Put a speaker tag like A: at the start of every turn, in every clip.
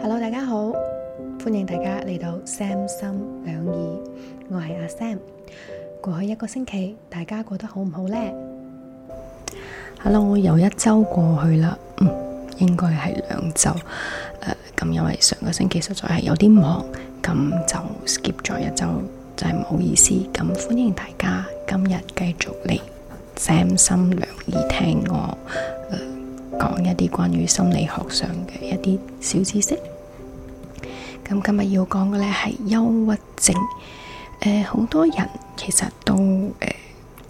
A: Hello，大家好，歡迎大家嚟到 Sam 心兩意，我係阿 Sam。過去一個星期，大家過得好唔好呢？Hello，又一周過去啦，嗯，應該係兩周。咁、呃、因為上個星期實在係有啲忙，咁就 skip 咗一周，真係唔好意思。咁歡迎大家今日繼續嚟 Sam 心兩意聽我。呃講一啲關於心理學上嘅一啲小知識。咁今日要講嘅咧係憂鬱症。誒、呃，好多人其實都誒、呃，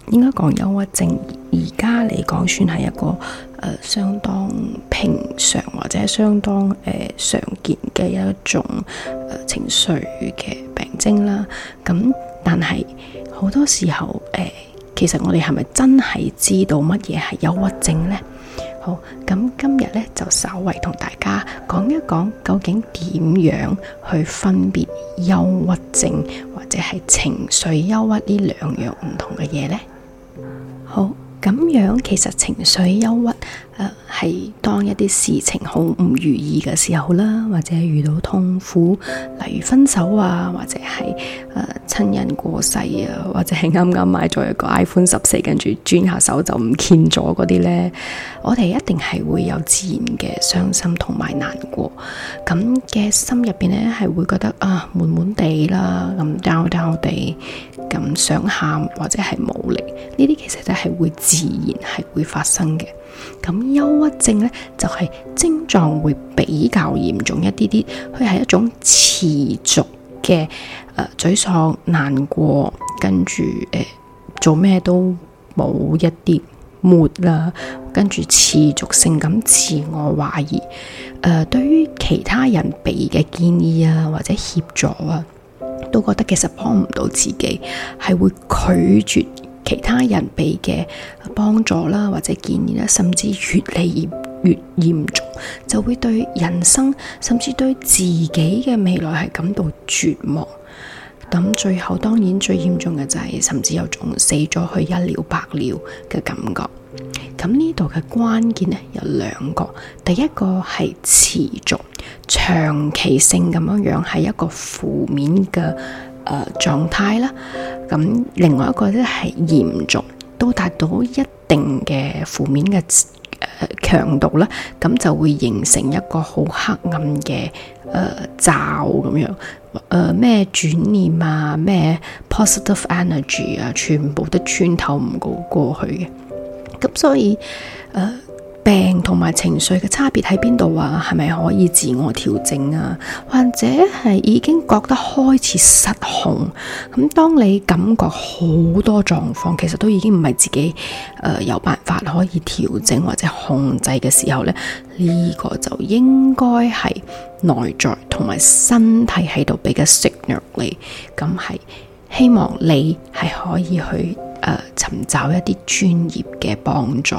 A: 應該講憂鬱症而家嚟講，算係一個誒、呃、相當平常或者相當誒、呃、常見嘅一種誒、呃、情緒嘅病徵啦。咁但係好多時候誒、呃，其實我哋係咪真係知道乜嘢係憂鬱症咧？好，咁今日咧就稍微同大家講一講，究竟點樣去分別憂鬱症或者係情緒憂鬱呢兩樣唔同嘅嘢呢？好。咁樣其實情緒憂鬱，誒、呃、係當一啲事情好唔如意嘅時候啦，或者遇到痛苦，例如分手啊，或者係誒親人過世啊，或者係啱啱買咗一個 iPhone 十四，跟住轉下手就唔見咗嗰啲呢。我哋一定係會有自然嘅傷心同埋難過，咁嘅心入邊呢，係會覺得啊悶悶地啦，咁 down down 哋。咁、嗯、想喊或者係冇力，呢啲其實咧係會自然係會發生嘅。咁憂鬱症呢，就係、是、症狀會比較嚴重一啲啲，佢係一種持續嘅誒沮喪、呃、難過，跟住誒、呃、做咩都冇一啲沒啦，跟住持續性咁自我懷疑。誒、呃，對於其他人俾嘅建議啊或者協助啊。都覺得其實幫唔到自己，係會拒絕其他人俾嘅幫助啦，或者建議啦，甚至越嚟越越嚴重，就會對人生甚至對自己嘅未來係感到絕望。咁最後當然最嚴重嘅就係、是，甚至有種死咗去一了百了嘅感覺。咁呢度嘅關鍵呢，有兩個，第一個係持續。長期性咁樣樣係一個負面嘅誒、呃、狀態啦，咁另外一個咧係嚴重，都達到一定嘅負面嘅誒、呃、強度啦，咁就會形成一個好黑暗嘅誒、呃、罩咁樣，誒、呃、咩轉念啊，咩 positive energy 啊，全部都穿透唔到過去嘅，咁所以誒。呃病同埋情緒嘅差別喺邊度啊？係咪可以自我調整啊？或者係已經覺得開始失控？咁當你感覺好多狀況，其實都已經唔係自己誒、呃、有辦法可以調整或者控制嘅時候呢，呢、呢個就應該係內在同埋身體喺度比較 signal 你。咁係希望你係可以去誒尋、呃、找一啲專業嘅幫助。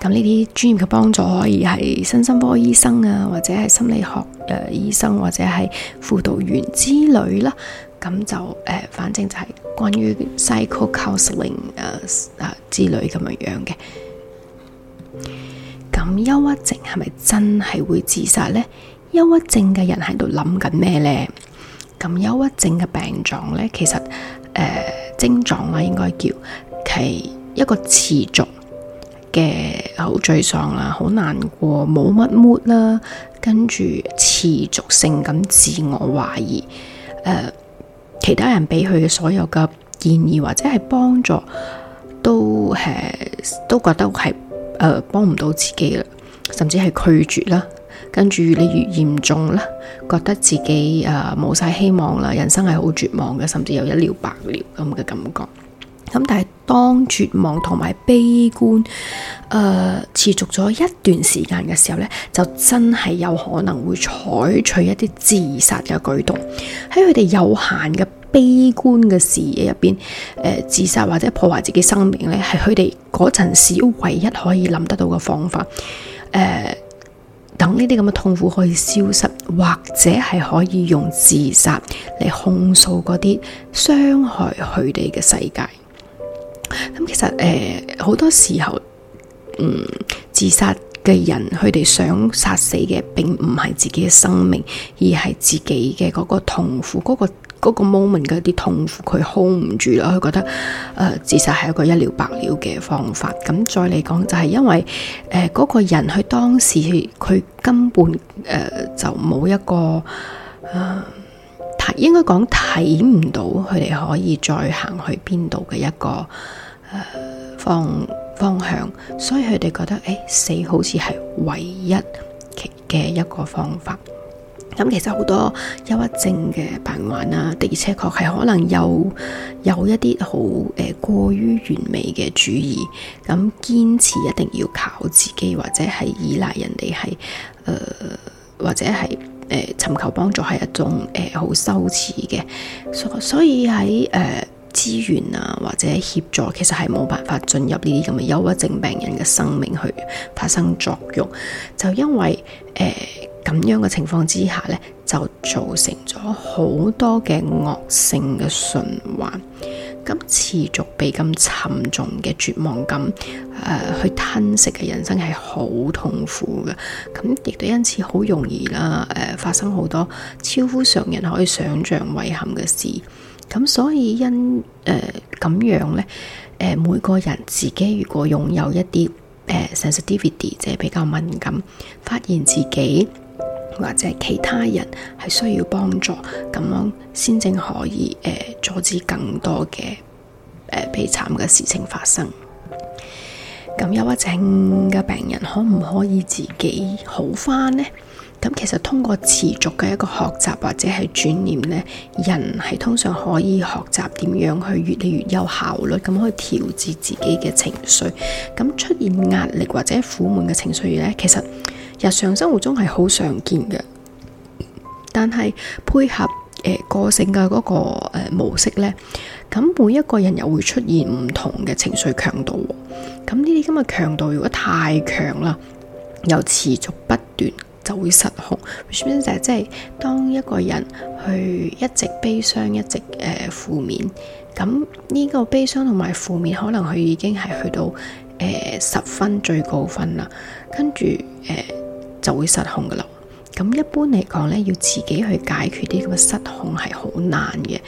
A: 咁呢啲專業嘅幫助可以係身心科醫生啊，或者係心理學誒、呃、醫生，或者係輔導員之類啦。咁就誒、呃，反正就係關於 psycho counseling 誒、呃、誒、呃、之類咁樣樣嘅。咁憂鬱症係咪真係會自殺呢？憂鬱症嘅人喺度諗緊咩呢？咁憂鬱症嘅病狀呢，其實誒、呃、症狀啊，應該叫其一個持續嘅好沮喪啦，好難過，冇乜 mood 啦，跟住持續性咁自我懷疑，誒、呃，其他人俾佢嘅所有嘅建議或者係幫助，都誒都覺得係誒幫唔到自己啦，甚至係拒絕啦，跟住越嚟越嚴重啦，覺得自己誒冇晒希望啦，人生係好絕望嘅，甚至有一了百了咁嘅感覺。咁但係當絕望同埋悲觀誒、呃、持續咗一段時間嘅時候咧，就真係有可能會採取一啲自殺嘅舉動。喺佢哋有限嘅悲觀嘅視野入邊，誒、呃、自殺或者破壞自己生命咧，係佢哋嗰陣時唯一可以諗得到嘅方法。誒、呃，等呢啲咁嘅痛苦可以消失，或者係可以用自殺嚟控訴嗰啲傷害佢哋嘅世界。咁其實誒，好、呃、多時候，嗯，自殺嘅人佢哋想殺死嘅，並唔係自己嘅生命，而係自己嘅嗰個痛苦，嗰、嗰個、嗰個 moment 嘅一啲痛苦，佢 hold 唔住啦。佢覺得誒、呃、自殺係一個一了百了嘅方法。咁再嚟講，就係、係、因為誒嗰、呃嗰個人佢當時佢根本誒、呃、就冇一個誒睇、呃，應該講睇唔到佢哋可以再行去邊度嘅一個。誒，方方向，所以佢哋覺得誒、欸、死好似係唯一嘅一個方法。咁其實好多憂鬱症嘅病患啦、啊，而且確係可能又有，有一啲好誒過於完美嘅主義，咁堅持一定要靠自己或者係依賴人哋係誒或者係誒尋求幫助係一種誒好、呃、羞恥嘅，所以所以喺誒。呃資源啊，或者協助，其實係冇辦法進入呢啲咁嘅憂鬱症病人嘅生命去發生作用，就因為誒咁、呃、樣嘅情況之下呢就造成咗好多嘅惡性嘅循環，咁持續被咁沉重嘅絕望感誒、呃、去吞食嘅人生係好痛苦嘅，咁亦都因此好容易啦誒、呃、發生好多超乎常人可以想像遺憾嘅事。咁所以因誒咁、呃、樣咧，誒、呃、每個人自己如果擁有一啲誒、呃、sensitivity，即係比較敏感，發現自己或者其他人係需要幫助，咁樣先正可以誒、呃、阻止更多嘅誒悲慘嘅事情發生。咁憂鬱症嘅病人可唔可以自己好翻咧？咁其實通過持續嘅一個學習或者係轉念咧，人係通常可以學習點樣去越嚟越有效率，咁去調節自己嘅情緒。咁出現壓力或者苦悶嘅情緒咧，其實日常生活中係好常見嘅。但係配合誒、呃、個性嘅嗰個模式咧，咁每一個人又會出現唔同嘅情緒強度，哦。咁呢啲咁嘅強度如果太強啦，又持續不斷，就會失控，會唔會就係即係當一個人去一直悲傷，一直誒負面，咁呢個悲傷同埋負面，可能佢已經係去到誒十分最高分啦，跟住誒就會失控噶啦。咁一般嚟講咧，要自己去解決啲咁嘅失控係好難嘅。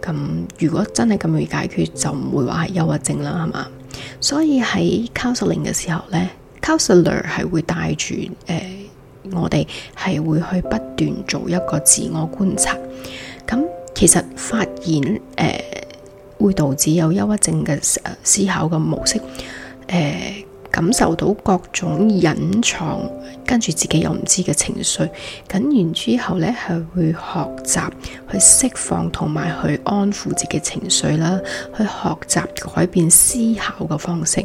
A: 咁如果真係咁容易解決，就唔會話係憂鬱症啦，係嘛？所以喺 counseling 嘅時候咧，counselor 係會帶住誒、呃我哋係會去不斷做一個自我觀察，咁其實發現誒、呃、會導致有憂鬱症嘅思考嘅模式，誒、呃、感受到各種隱藏跟住自己又唔知嘅情緒，咁然之後咧係會學習去釋放同埋去安撫自己情緒啦，去學習改變思考嘅方式。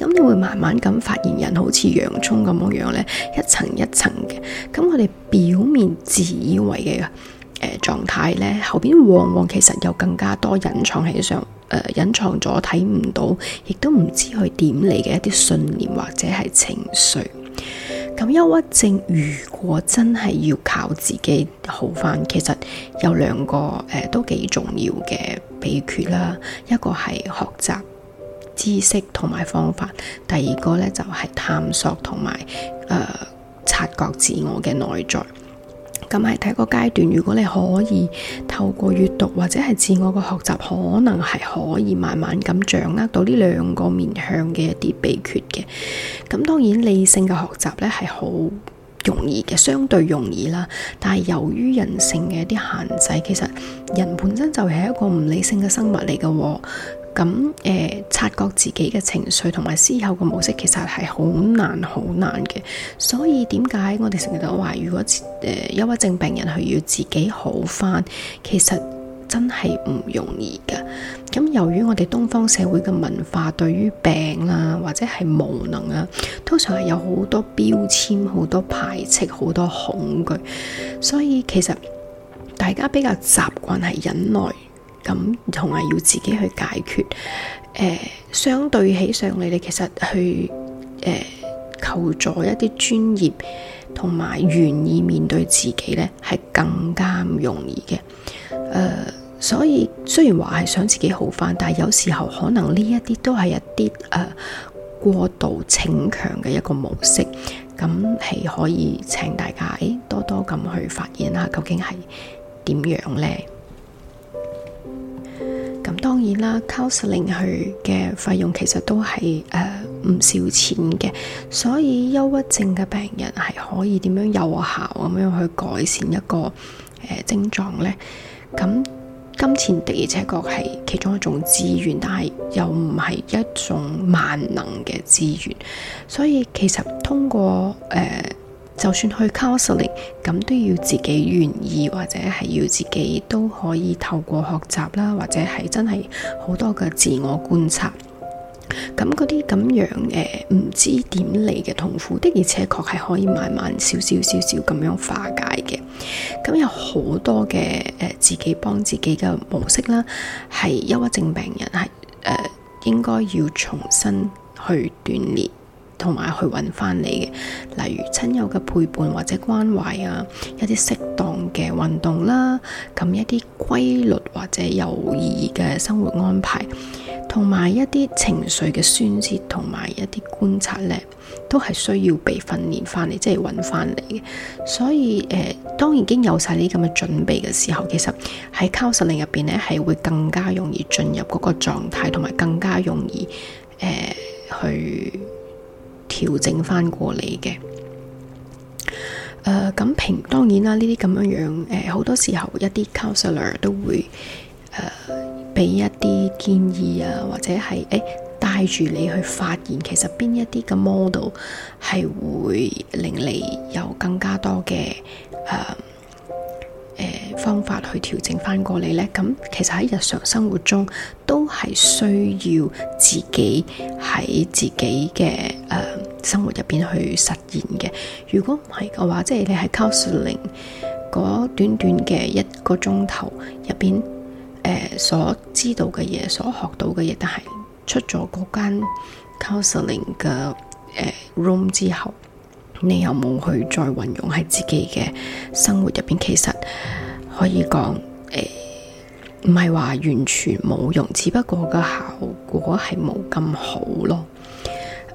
A: 咁你會慢慢咁發現人好似洋蔥咁樣樣咧，一層一層嘅。咁我哋表面自以為嘅誒、呃、狀態咧，後邊往往其實有更加多隱藏喺上誒、呃、隱藏咗睇唔到，亦都唔知佢點嚟嘅一啲信念或者係情緒。咁憂鬱症如果真係要靠自己好返，其實有兩個誒、呃、都幾重要嘅秘訣啦。一個係學習知識同埋方法，第二個咧就係探索同埋誒察覺自我嘅內在。咁喺第一個階段，如果你可以透過閱讀或者係自我嘅學習，可能係可以慢慢咁掌握到呢兩個面向嘅一啲秘訣嘅。咁當然理性嘅學習咧係好容易嘅，相對容易啦。但係由於人性嘅一啲限制，其實人本身就係一個唔理性嘅生物嚟嘅喎。咁誒、呃，察覺自己嘅情緒同埋思考嘅模式，其實係好難好難嘅。所以點解我哋成日都話，如果誒憂鬱症病人係要自己好返，其實真係唔容易㗎。咁由於我哋東方社會嘅文化，對於病啦、啊、或者係無能啊，通常係有好多標籤、好多排斥、好多恐懼，所以其實大家比較習慣係忍耐。咁同埋要自己去解決，誒、呃、相對起上你哋其實去誒、呃、求助一啲專業，同埋願意面對自己咧，係更加唔容易嘅。誒、呃，所以雖然話係想自己好返，但係有時候可能呢一啲都係一啲誒過度逞強嘅一個模式。咁係可以請大家誒多多咁去發現下，究竟係點樣咧？當然啦 counseling 佢嘅費用其實都係誒唔少錢嘅，所以憂鬱症嘅病人係可以點樣有效咁樣去改善一個誒、呃、症狀呢？咁金錢的而且確係其中一種資源，但係又唔係一種萬能嘅資源，所以其實通過誒、呃就算去 counselling，咁都要自己願意，或者係要自己都可以透過學習啦，或者係真係好多嘅自我觀察。咁嗰啲咁樣誒，唔、呃、知點嚟嘅痛苦的，而且確係可以慢慢少少少少咁樣化解嘅。咁有好多嘅誒、呃，自己幫自己嘅模式啦，係憂鬱症病人係誒、呃，應該要重新去鍛煉。同埋去搵翻你嘅，例如親友嘅陪伴或者關懷啊，一啲適當嘅運動啦、啊，咁一啲規律或者有意義嘅生活安排，同埋一啲情緒嘅宣洩，同埋一啲觀察呢，都係需要被訓練翻嚟，即係搵翻嚟嘅。所以誒、呃，當已經有晒呢咁嘅準備嘅時候，其實喺 counseling 入邊呢，係會更加容易進入嗰個狀態，同埋更加容易誒、呃、去。調整翻過嚟嘅，誒、呃、咁平當然啦，呢啲咁樣樣誒好多時候一啲 counselor 都會誒俾、呃、一啲建議啊，或者係誒、欸、帶住你去發現，其實邊一啲嘅 model 係會令你有更加多嘅誒誒方法去調整翻過嚟咧。咁、呃、其實喺日常生活中都係需要自己喺自己嘅誒。呃生活入邊去實現嘅，如果唔係嘅話，即係你喺 counseling 嗰短短嘅一個鐘頭入邊誒所知道嘅嘢、所學到嘅嘢，但係出咗嗰間 counseling 嘅誒、呃、room 之後，你又冇去再運用喺自己嘅生活入邊，其實可以講誒唔係話完全冇用，只不過個效果係冇咁好咯。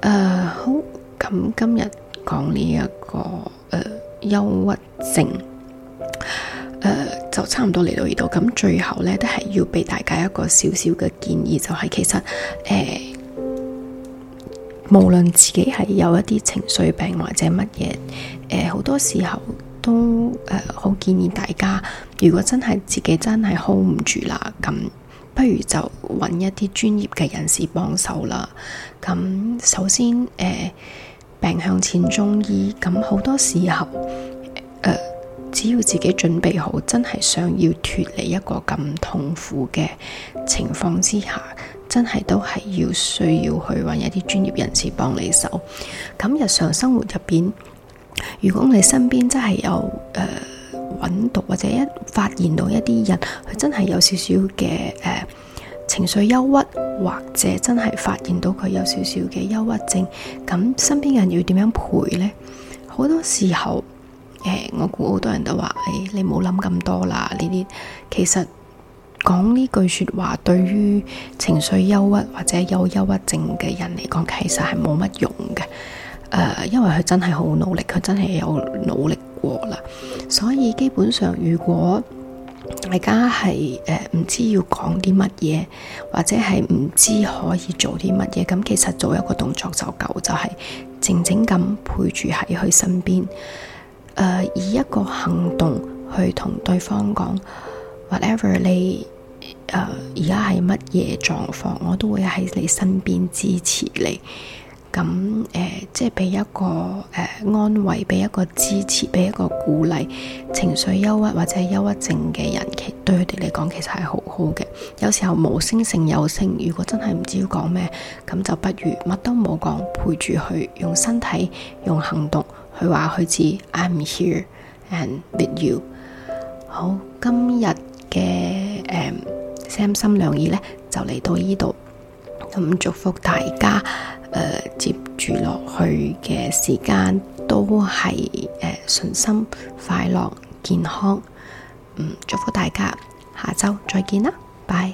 A: 誒、呃、好。咁、嗯、今日講呢一個誒憂鬱症，誒、呃、就差唔多嚟到呢度。咁最後咧，都係要俾大家一個小小嘅建議，就係、是、其實誒、呃，無論自己係有一啲情緒病或者乜嘢，誒、呃、好多時候都誒好、呃、建議大家，如果真係自己真係 hold 唔住啦，咁不如就揾一啲專業嘅人士幫手啦。咁、呃、首先誒。呃病向前中，中醫咁好多時候，誒、呃，只要自己準備好，真係想要脫離一個咁痛苦嘅情況之下，真係都係要需要去搵一啲專業人士幫你手。咁日常生活入邊，如果你身邊真係有誒揾到或者一發現到一啲人，佢真係有少少嘅誒。呃情緒憂鬱，或者真係發現到佢有少少嘅憂鬱症，咁身邊人要點樣陪呢？好多時候，誒我估好多人都話：誒、哎、你唔好諗咁多啦！呢啲其實講呢句説話，對於情緒憂鬱或者有憂鬱症嘅人嚟講，其實係冇乜用嘅。誒、呃，因為佢真係好努力，佢真係有努力過啦。所以基本上，如果大家係誒唔知要講啲乜嘢，或者係唔知可以做啲乜嘢，咁其實做一個動作就夠，就係靜靜咁陪住喺佢身邊，誒、呃、以一個行動去同對方講，Whatever 你誒而家係乜嘢狀況，我都會喺你身邊支持你。咁誒、呃，即係俾一個誒、呃、安慰，俾一個支持，俾一個鼓勵，情緒憂鬱或者憂鬱症嘅人，其實對佢哋嚟講，其實係好好嘅。有時候無聲勝有聲，如果真係唔知要講咩，咁就不如乜都冇講，陪住佢，用身體、用行動去話佢知 I'm here and with you。好，今日嘅誒三心兩意呢，就嚟到依度，咁祝福大家。呃、接住落去嘅時間都係誒，信、呃、心、快樂、健康、嗯，祝福大家，下周再見啦，拜。